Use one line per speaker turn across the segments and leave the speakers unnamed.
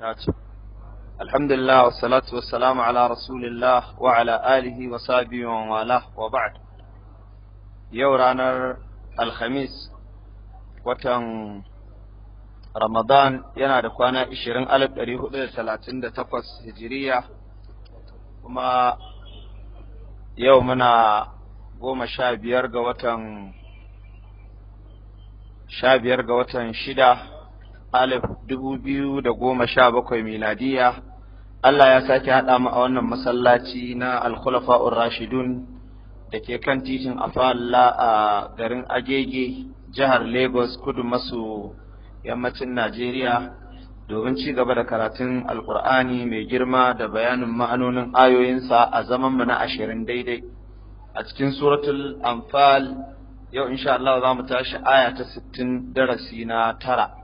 وبركاته الحمد لله والصلاة والسلام على رسول الله وعلى آله وصحبه ومن والاه وبعد يورانا الخميس watan Ramadan yana da kwana 20,438 hijiriya kuma yau muna goma sha sha biyar ga watan shida alif dubu biyu da goma sha bakwai miladiya Allah ya sake haɗa mu a wannan masallaci na alkhulafa rashidun da ke kan titin afalla a garin agege jihar lagos kudu maso yammacin najeriya domin ci gaba da karatun alkur'ani mai girma da bayanin ma'anonin ayoyinsa a zamanmu na ashirin daidai a cikin suratul anfal yau insha Allah za mu tashi aya ta sittin darasi na tara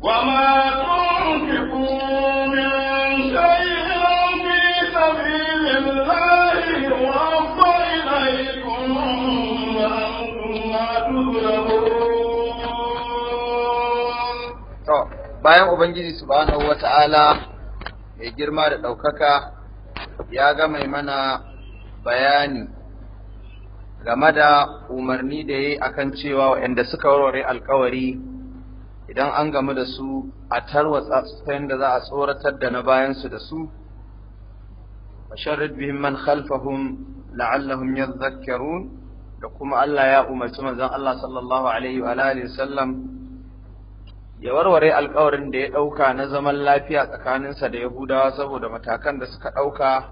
bayan
Ubangiji subhanahu wa ta'ala mai girma da ɗaukaka ya ga mai mana bayani game da umarni da ya yi akan cewa waɗanda suka warware alkawari idan an gamu da su a tarwatsa ta yadda za a tsoratar da na bayansu da su sharrid bihim man khalfahum la'allahum yadhakkarun da kuma Allah ya umarci manzon Allah sallallahu alaihi wa alihi sallam ya warware alƙawarin da ya ɗauka na zaman lafiya tsakaninsa da Yahudawa saboda matakan da suka ɗauka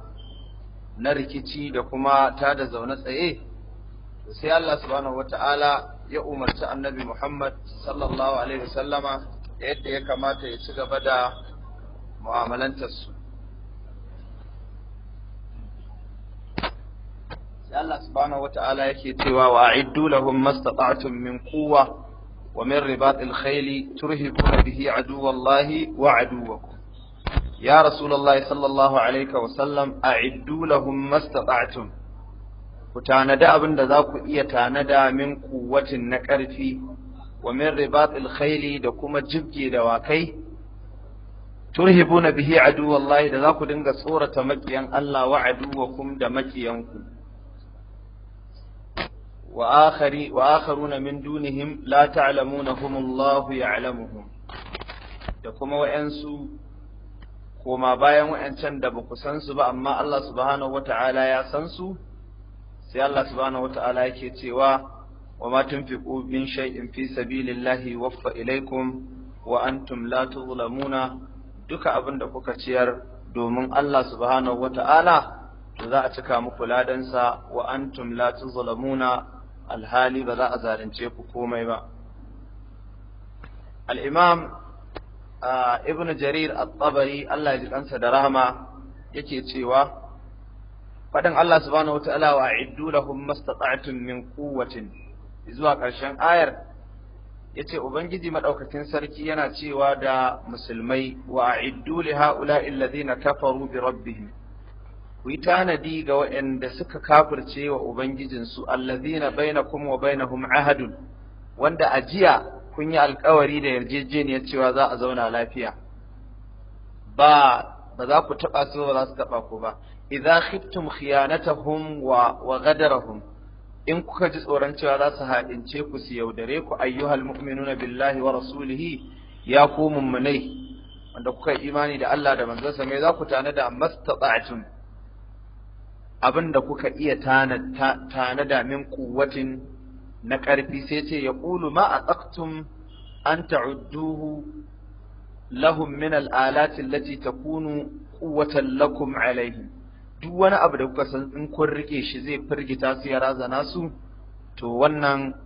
na rikici da kuma ta da zaune tsaye sai Allah subhanahu wata'ala ya umarci annabi Muhammad sallallahu alaihi wasallama da yadda ya kamata ya ci gaba da mu'amalantarsu. Sai Allah subhanahu wa ta'ala yake cewa wa a'iddu lahum mastata'tum min kuwa wa min ribatil khayli turhibuna bihi aduwallahi wa aduwakum. Ya Rasulullahi sallallahu alaihi wasallam a'iddu lahum mastata'tum ku tanada abin da za ku iya tanada min kuwatin na ƙarfi wa min ribat khaili da kuma jibge da wakai turhibuna bihi adu da za ku dinga tsorata maƙiyan Allah wa aduwakum da maƙiyanku. wa akhari wa akharuna min dunihim la ta'lamunahum Allah ya'lamuhum da kuma wa'ansu koma bayan wa'ancan da ba ku san su ba amma Allah subhanahu wata'ala ya san su sai Allah subhanahu wata'ala yake cewa wa ma tunfiqu min shay'in fi sabilillahi waffa ilaikum wa antum la tuzlamuna duka abin da kuka ciyar domin Allah subhanahu wata'ala to za a cika muku ladansa wa antum la tuzlamuna alhali ba za a zalunce ku komai ba al-imam ah, ibn jarir at-tabari Allah ya ji kansa da rahama yake cewa faɗin Allah subhanahu wataala wa iddu lahum mastata'tum min quwwatin zuwa ƙarshen ayar yace ubangiji madaukakin sarki yana cewa da musulmai wa a'iddu li haula alladhina kafaru bi rabbihim ku yi tanadi ga waɗanda suka kafirce wa ubangijinsu alladhina bainakum wa bainahum ahadun wanda ajiya kun yi alkawari da yarjejeniya cewa za a zauna lafiya ba ba za ku taɓa su ba za su taɓa ku ba idza khiftum khiyanatahum wa wa ghadarahum in kuka ji tsoron cewa za su haɗince ku su yaudare ku ayyuhal mu'minuna billahi wa rasulihi ya ku mummunai wanda kuka yi imani da Allah da manzansa me za ku tanada mastata'tum abin da kuka iya tanada min kuwatin na ƙarfi sai ce ya ƙulu ma a tsaktum an ta'udduhu lahum min al'alati allati takunu quwwatan lakum alaihim duk wani abu da kuka san in kun rike shi zai firgita su ya razana su to wannan